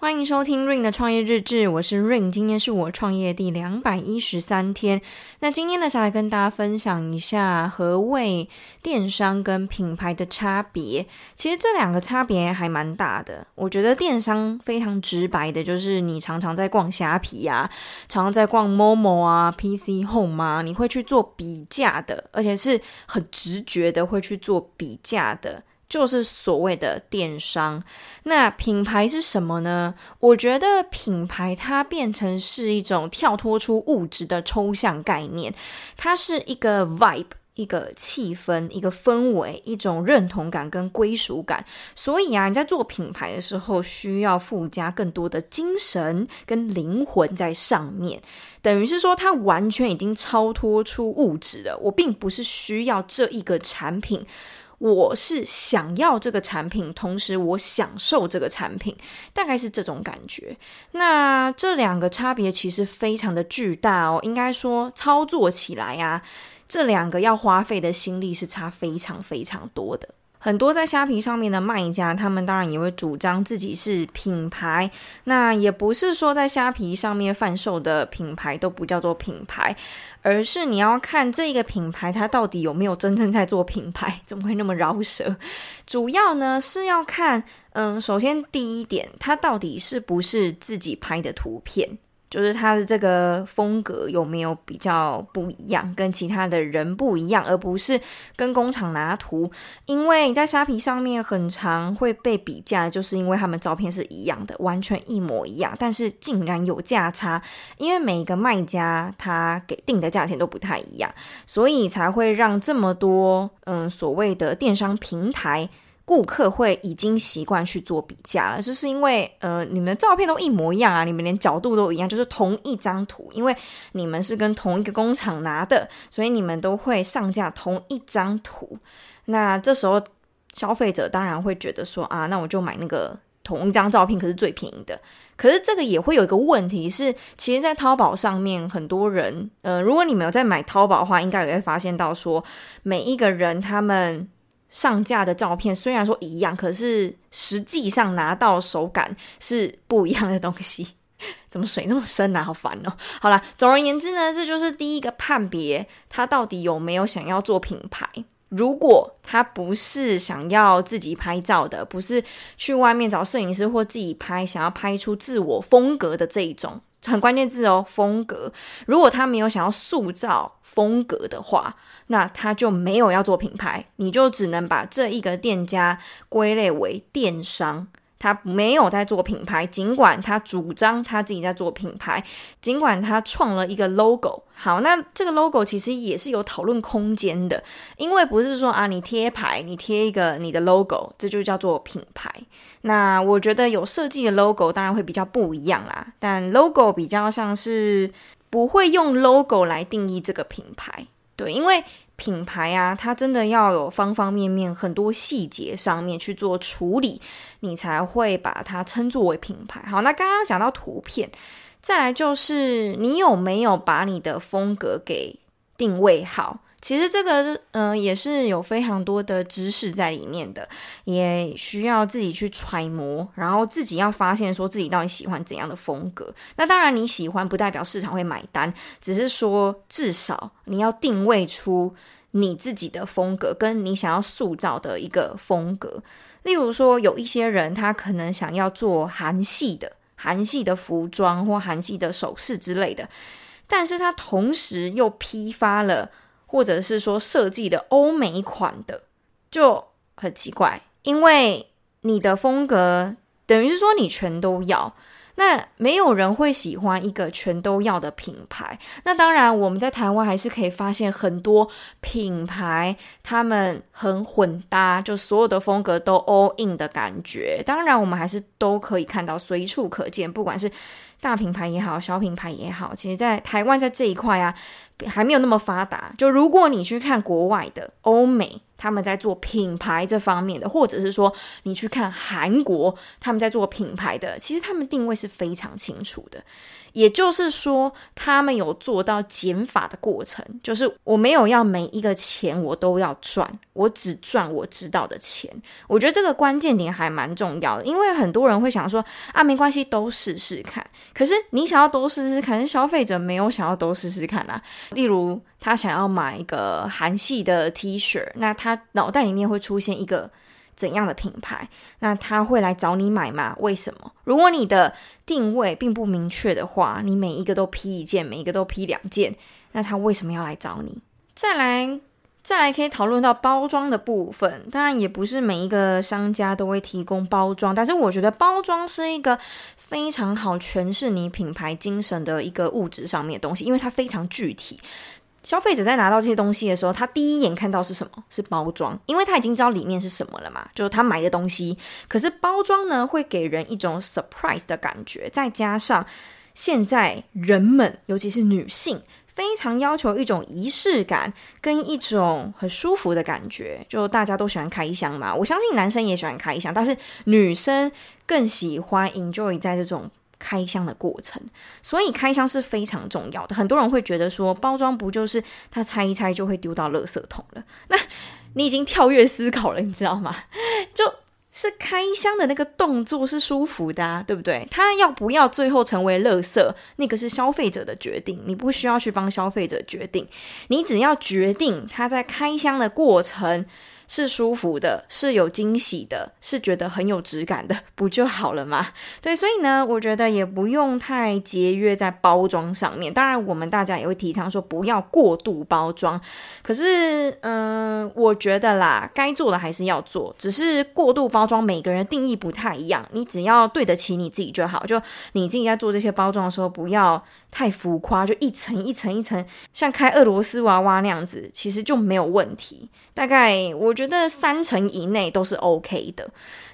歡迎收聽 Ring 的創業日志，我是 Ring，今天是我創業第兩百一十三天。那今天呢，想來跟大家分享一下何謂電商跟品牌的差別。其實這兩個差別還蠻大的。我覺得電商非常直白的，就是你常常在逛蝦皮啊，常常在逛 Momo 啊、PC Home 啊，你會去做比價的，而且是很直覺的會去做比價的。就是所謂的電商，那品牌是什麼呢？我覺得品牌它變成是一種跳脫出物質的抽象概念，它是一個 vibe，一個氣氛，一個氛圍，一種認同感跟歸屬感。所以啊，你在做品牌的時候，需要附加更多的精神跟靈魂在上面，等於是說它完全已經超脫出物質了。我並不是需要這一個產品。我是想要這個產品，同時我享受這個產品，大概是這種感覺。那這兩個差別其實非常的巨大哦，應該說操作起來啊，這兩個要花費的心力是差非常非常多的。很多在蝦皮上面的賣家，他們當然也會主張自己是品牌。那也不是說在蝦皮上面販售的品牌都不叫做品牌，而是你要看這個品牌它到底有沒有真正在做品牌。怎麼會那麼饒舌？主要呢是要看，嗯，首先第一點，它到底是不是自己拍的圖片。就是他的這個風格有沒有比較不一樣，跟其他的人不一樣，而不是跟工廠拿圖。因為你在蝦皮上面很常會被比價，就是因為他們照片是一樣的，完全一模一樣，但是竟然有價差，因為每一個賣家他給定的價錢都不太一樣，所以才會讓這麼多嗯，所謂的電商平台。顧客會已經習慣去做比價了，就是因為呃，你們的照片都一模一樣啊，你們連角度都一樣，就是同一張圖，因為你們是跟同一個工廠拿的，所以你們都會上架同一張圖。那這時候消費者當然會覺得說啊，那我就買那個同一張照片，可是最便宜的。可是這個也會有一個問題是，其實，在淘寶上面很多人，呃，如果你沒有在買淘寶的話，應該也會發現到說，每一個人他們上架的照片雖然說一樣，可是實際上拿到手感是不一樣的東西。怎麼水那麼深啊？好煩哦！好啦，總而言之呢，這就是第一個判別，他到底有沒有想要做品牌。如果他不是想要自己拍照的，不是去外面找攝影師或自己拍，想要拍出自我風格的這一種。很關鍵字哦，風格。如果他沒有想要塑造風格的話，那他就沒有要做品牌，你就只能把這一個店家歸類為電商。他沒有在做品牌，儘管他主張他自己在做品牌，儘管他創了一個 logo。好，那這個 logo 其實也是有討論空間的，因為不是說啊，你貼牌，你貼一個你的 logo，這就叫做品牌。那我覺得有設計的 logo 當然會比較不一樣啦，但 logo 比較像是，不會用 logo 來定義這個品牌，對，因為。品牌啊，它真的要有方方面面很多細節上面去做處理，你才會把它稱作為品牌。好，那剛剛講到圖片，再來就是你有沒有把你的風格給定位好？其實這個嗯，呃，也是有非常多的知識在裡面的，也需要自己去揣摩，然後自己要發現說自己到底喜歡怎樣的風格。那當然你喜歡不代表市場會買單，只是說至少你要定位出你自己的風格，跟你想要塑造的一個風格。例如說有一些人他可能想要做韓系的韓系的服裝或韓系的首飾之類的，但是他同時又批發了。或者是說設計的歐美款的就很奇怪，因為你的風格等於是說你全都要，那沒有人會喜歡一個全都要的品牌。那當然，我們在台灣還是可以發現很多品牌，他們很混搭，就所有的風格都 all in 的感覺。當然，我們還是都可以看到隨處可見，不管是。大品牌也好，小品牌也好，其實在台灣在這一塊啊，還沒有那麼發達。就如果你去看國外的歐美，他們在做品牌這方面的，或者是說你去看韓國，他們在做品牌的，其實他們定位是非常清楚的。也就是說，他們有做到減法的過程，就是我沒有要每一個錢我都要賺，我只賺我知道的錢。我覺得這個關鍵點還蠻重要的，因為很多人會想說啊，沒關係，都試試看。可是你想要都試試看，消費者沒有想要都試試看啊。例如，他想要買一個韓系的 T 恤，那他腦袋裡面會出現一個。怎樣的品牌，那他會來找你買嗎？為什麼？如果你的定位並不明確的話，你每一個都批一件，每一個都批兩件，那他為什麼要來找你？再來，再來可以討論到包裝的部分。當然，也不是每一個商家都會提供包裝，但是我覺得包裝是一個非常好詮釋你品牌精神的一個物質上面的東西，因為它非常具體。消費者在拿到這些東西的時候，他第一眼看到是什麼？是包裝，因為他已經知道裡面是什麼了嘛。就是他買的東西，可是包裝呢，會給人一種 surprise 的感覺。再加上現在人們，尤其是女性，非常要求一種儀式感跟一種很舒服的感覺。就大家都喜歡開箱嘛，我相信男生也喜歡開一箱，但是女生更喜歡 enjoy 在這種。開箱的過程，所以開箱是非常重要的。很多人會覺得說，包裝不就是他拆一拆就會丟到垃圾桶了？那你已經跳躍思考了，你知道嗎？就是開箱的那個動作是舒服的啊，對不對？他要不要最後成為垃圾，那個是消費者的決定，你不需要去幫消費者決定。你只要決定他在開箱的過程。是舒服的，是有驚喜的，是覺得很有質感的，不就好了嗎？對，所以呢，我覺得也不用太節約在包裝上面。當然，我們大家也會提倡說不要過度包裝。可是，嗯，我覺得啦，該做的還是要做，只是過度包裝，每個人定義不太一樣。你只要對得起你自己就好。就你自己在做這些包裝的時候，不要太浮誇，就一層一層一層，像開俄羅斯娃娃那樣子，其實就沒有問題。大概我覺得。覺得三層以內都是 OK 的，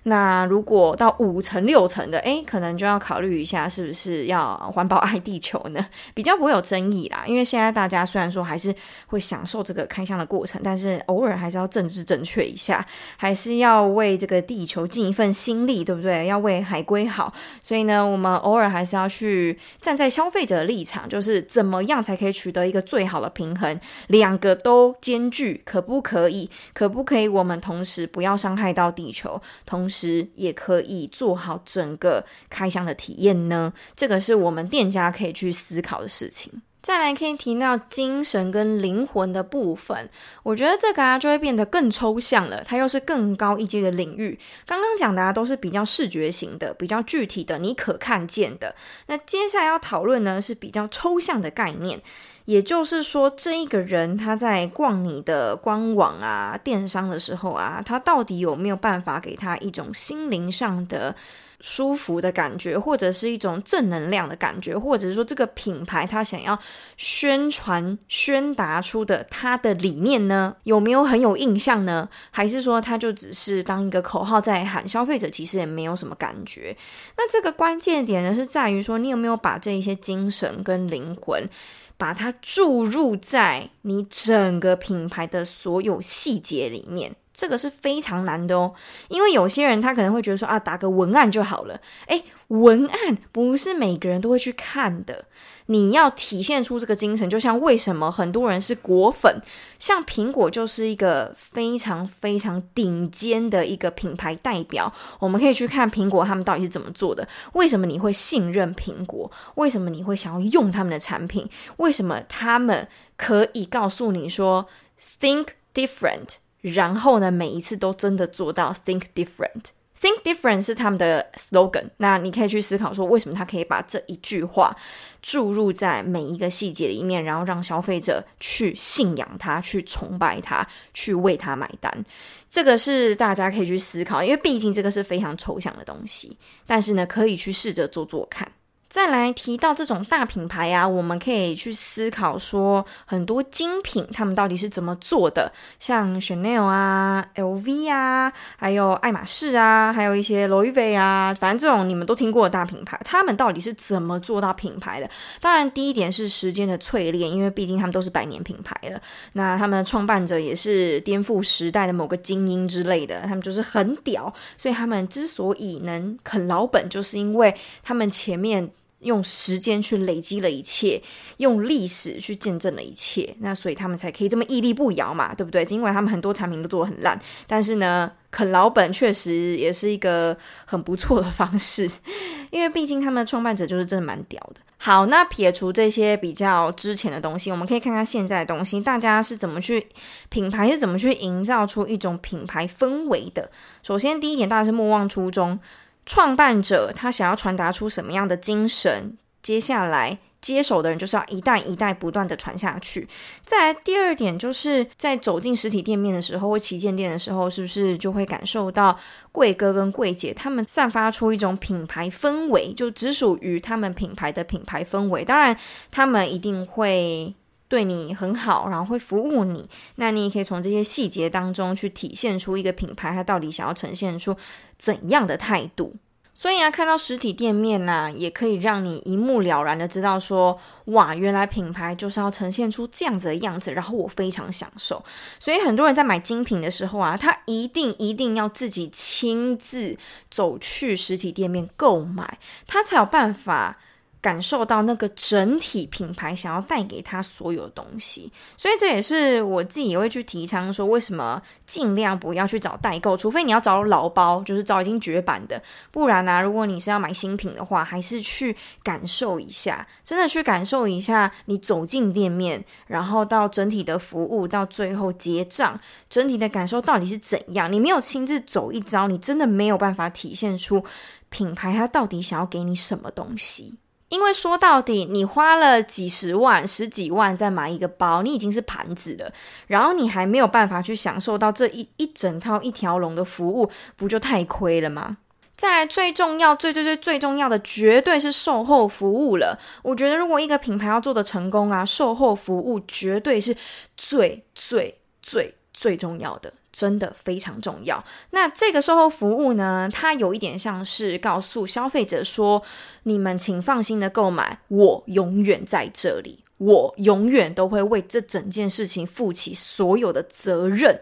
那如果到五層六層的，誒、欸，可能就要考慮一下是不是要環保愛地球呢？比較不會有爭議啦。因為現在大家雖然說還是會享受這個開箱的過程，但是偶爾還是要政治正確一下，還是要為這個地球盡一份心力，對不對？要為海龜好，所以呢，我們偶爾還是要去站在消費者的立場，就是怎麼樣才可以取得一個最好的平衡，兩個都兼具，可不可以？可不可以？我們同時不要傷害到地球，同時也可以做好整個開箱的體驗呢。這個是我們店家可以去思考的事情。再來可以提到精神跟靈魂的部分，我覺得這個啊就會變得更抽象了，它又是更高一階的領域。剛剛講的啊都是比較視覺型的、比較具體的，你可看見的。那接下來要討論呢是比較抽象的概念，也就是說，這一個人他在逛你的官網啊、電商的時候啊，他到底有沒有辦法給他一種心靈上的？舒服的感覺，或者是一種正能量的感覺，或者是說這個品牌他想要宣傳、宣達出的他的理念呢，有沒有很有印象呢？還是說他就只是當一個口號在喊，消費者其實也沒有什麼感覺？那這個關鍵點呢，是在於說你有沒有把這一些精神跟靈魂，把它注入在你整個品牌的所有細節裡面。這個是非常難的哦，因為有些人他可能會覺得說啊，打個文案就好了。誒，文案不是每個人都會去看的。你要體現出這個精神，就像為什麼很多人是果粉，像蘋果就是一個非常非常頂尖的一個品牌代表。我們可以去看蘋果他們到底是怎麼做的，為什麼你會信任蘋果？為什麼你會想要用他們的產品？為什麼他們可以告訴你說 Think Different？然後呢，每一次都真的做到 think different。Think different 是他們的 slogan。那你可以去思考說，為什麼他可以把這一句話注入在每一個細節裡面，然後讓消費者去信仰他、去崇拜他、去為他買單？這個是大家可以去思考，因為畢竟這個是非常抽象的東西。但是呢，可以去試着做做看。再來提到這種大品牌啊，我們可以去思考說，很多精品他們到底是怎麼做的？像 Chanel 啊、LV 啊，還有愛馬仕啊，還有一些 Loewe 啊，反正這種你們都聽過的大品牌，他們到底是怎麼做到品牌的？當然，第一點是時間的淬煉，因為畢竟他們都是百年品牌了。那他們創辦者也是顛覆時代的某個精英之類的，他們就是很屌，所以他們之所以能啃老本，就是因為他們前面。用時間去累積了一切，用歷史去見證了一切，那所以他們才可以這麼屹立不搖嘛，對不對？儘管他們很多產品都做得很爛，但是呢，啃老本確實也是一個很不錯的方式，因為畢竟他們的創辦者就是真的蠻屌的。好，那撇除這些比較之前的東西，我們可以看看現在的東西，大家是怎麼去，品牌是怎麼去營造出一種品牌氛圍的。首先，第一點，大家是莫忘初衷。創辦者他想要傳達出什麼樣的精神？接下來接手的人就是要一代一代不斷地傳下去。再來第二點，就是在走進實體店面的時候或旗艦店的時候，是不是就會感受到櫃哥跟櫃姐他們散發出一種品牌氛圍，就只屬於他們品牌的品牌氛圍？當然，他們一定會。對你很好，然後會服務你，那你也可以從這些細節當中去體現出一個品牌它到底想要呈現出怎樣的態度。所以啊，看到實體店面呢、啊，也可以讓你一目了然的知道說，哇，原來品牌就是要呈現出這樣子的樣子，然後我非常享受。所以很多人在買精品的時候啊，他一定一定要自己親自走去實體店面購買，他才有辦法。感受到那個整體品牌想要帶給他所有的東西，所以這也是我自己也會去提倡說，為什麼儘量不要去找代購，除非你要找老包，就是找已經絕版的，不然呢、啊，如果你是要買新品的話，還是去感受一下，真的去感受一下，你走進店面，然後到整體的服務，到最後結賬，整體的感受到底是怎樣？你沒有親自走一遭，你真的沒有辦法體現出品牌它到底想要給你什麼東西。因為說到底，你花了幾十萬、十幾萬在買一個包，你已經是盤子了，然後你還沒有辦法去享受到這一一整套一條龍的服務，不就太虧了嗎？再來最重要、最最最最重要的，絕對是售後服務了。我覺得如果一個品牌要做得成功啊，售後服務絕對是最最最。最重要的，真的非常重要。那這個售後服務呢，它有一點像是告訴消費者說，你們請放心的購買，我永遠在這裡，我永遠都會為這整件事情負起所有的責任。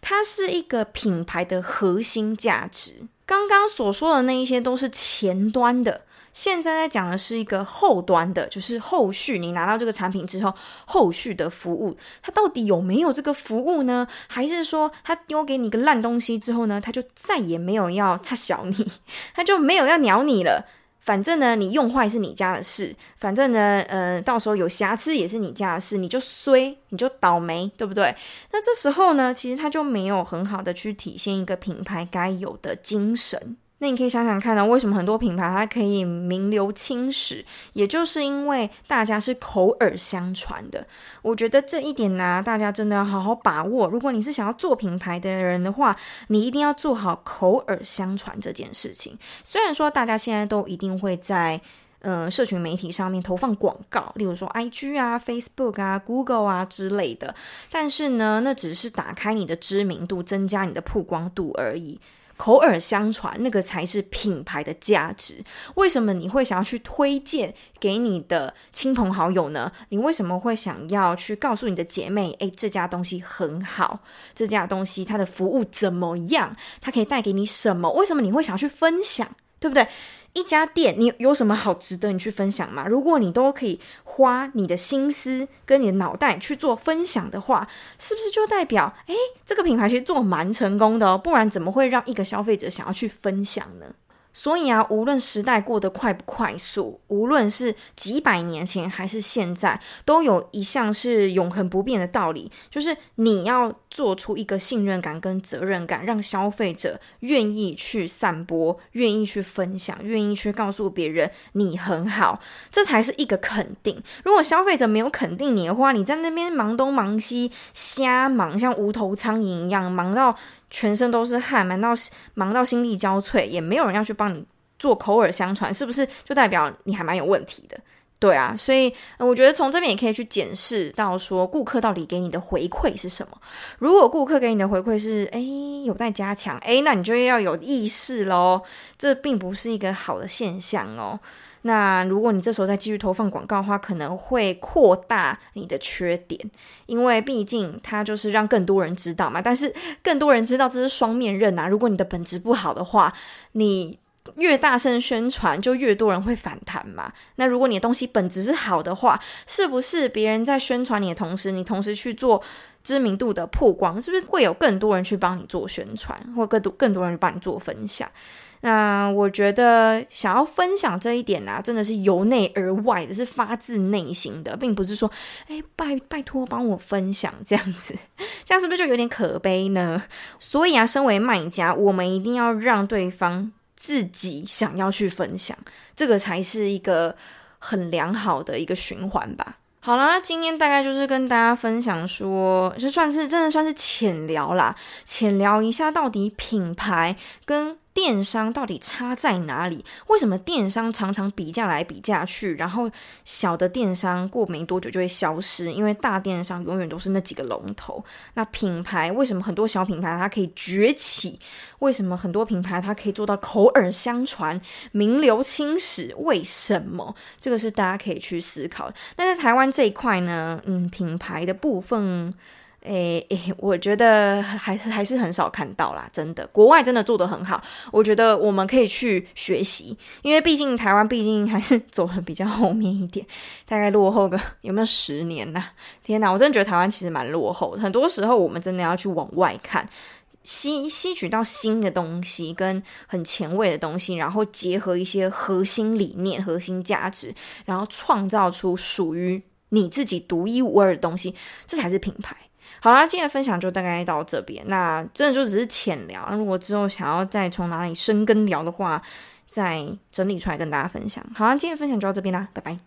它是一個品牌的核心價值。剛剛所說的那一些都是前端的。現在在講的是一個後端的，就是後續你拿到這個產品之後，後續的服務，它到底有沒有這個服務呢？還是說它丟給你個爛東西之後呢，它就再也沒有要插小你，它就沒有要鳥你了？反正呢，你用壞是你家的事，反正呢，呃，到時候有瑕疵也是你家的事，你就衰，你就倒霉，對不對？那這時候呢，其實它就沒有很好的去體現一個品牌該有的精神。那你可以想想看呢、哦，為什麼很多品牌它可以名留青史，也就是因為大家是口耳相傳的。我覺得這一點呢、啊，大家真的要好好把握。如果你是想要做品牌的人的話，你一定要做好口耳相傳這件事情。雖然說大家現在都一定會在嗯、呃、社群媒體上面投放廣告，例如說 IG 啊、Facebook 啊、Google 啊之類的，但是呢，那只是打開你的知名度，增加你的曝光度而已。口耳相傳，那個才是品牌的價值。為什麼你會想要去推薦給你的親朋好友呢？你為什麼會想要去告訴你的姐妹，哎、欸，這家東西很好，這家東西它的服務怎麼樣，它可以帶給你什麼？為什麼你會想要去分享？對不對？一家店，你有什麼好值得你去分享嗎？如果你都可以花你的心思跟你的腦袋去做分享的話，是不是就代表，誒，這個品牌其實做蠻成功的哦？不然怎麼會讓一個消費者想要去分享呢？所以啊，無論時代過得快不快速，無論是幾百年前還是現在，都有一項是永恆不變的道理，就是你要做出一個信任感跟責任感，讓消費者願意去散播、願意去分享、願意去告訴別人你很好，這才是一個肯定。如果消費者沒有肯定你的話，你在那邊忙東忙西，瞎忙，像無頭蒼蠅一樣，忙到全身都是汗，忙到忙到心力交瘁，也沒有人要去幫你做口耳相傳，是不是就代表你還蠻有問題的？對啊，所以我覺得從這邊也可以去檢視到說，顧客到底給你的回饋是什麼。如果顧客給你的回饋是，誒，有待加強，誒，那你就要有意識嘍。這並不是一個好的現象哦。那如果你這時候再繼續投放廣告的話，可能會擴大你的缺點，因為畢竟它就是讓更多人知道嘛。但是更多人知道這是雙面刃吶啊。如果你的本質不好的話，你。越大聲宣傳，就越多人會反彈嘛。那如果你的東西本質是好的話，是不是別人在宣傳你的同時，你同時去做知名度的曝光，是不是會有更多人去幫你做宣傳，或更多更多人幫你做分享？那我覺得想要分享這一點啊，真的是由內而外的，是發自內心的，並不是說誒、哎、拜拜託幫我分享這樣子，這樣是不是就有點可悲呢？所以啊，身為賣家，我們一定要讓對方。自己想要去分享，這個才是一個很良好的一個循環吧。好啦，那今天大概就是跟大家分享說，就算是真的算是淺聊啦，淺聊一下到底品牌跟電商到底差在哪裡？為什麼電商常常比價來比價去？然後小的電商過沒多久就會消失，因為大電商永遠都是那幾個龍頭。那品牌為什麼很多小品牌它可以崛起？為什麼很多品牌它可以做到口耳相傳、名留青史？為什麼？這個是大家可以去思考。那在台灣這一塊呢？嗯，品牌的部分。誒、欸、誒、欸，我覺得還還是很少看到啦，真的，國外真的做得很好，我覺得我們可以去學習，因為畢竟台灣畢竟還是走的比較後面一點，大概落後個有沒有十年吶、啊？天哪，我真的覺得台灣其實蠻落後的，很多時候我們真的要去往外看，吸吸取到新的東西跟很前衛的東西，然後結合一些核心理念、核心價值，然後創造出屬於你自己獨一無二的東西，這才是品牌。好啦，今天的分享就大概到這邊。那真的就只是淺聊，那如果之後想要再從哪裡深耕聊的話，再整理出來跟大家分享。好啦，今天的分享就到這邊啦，拜拜。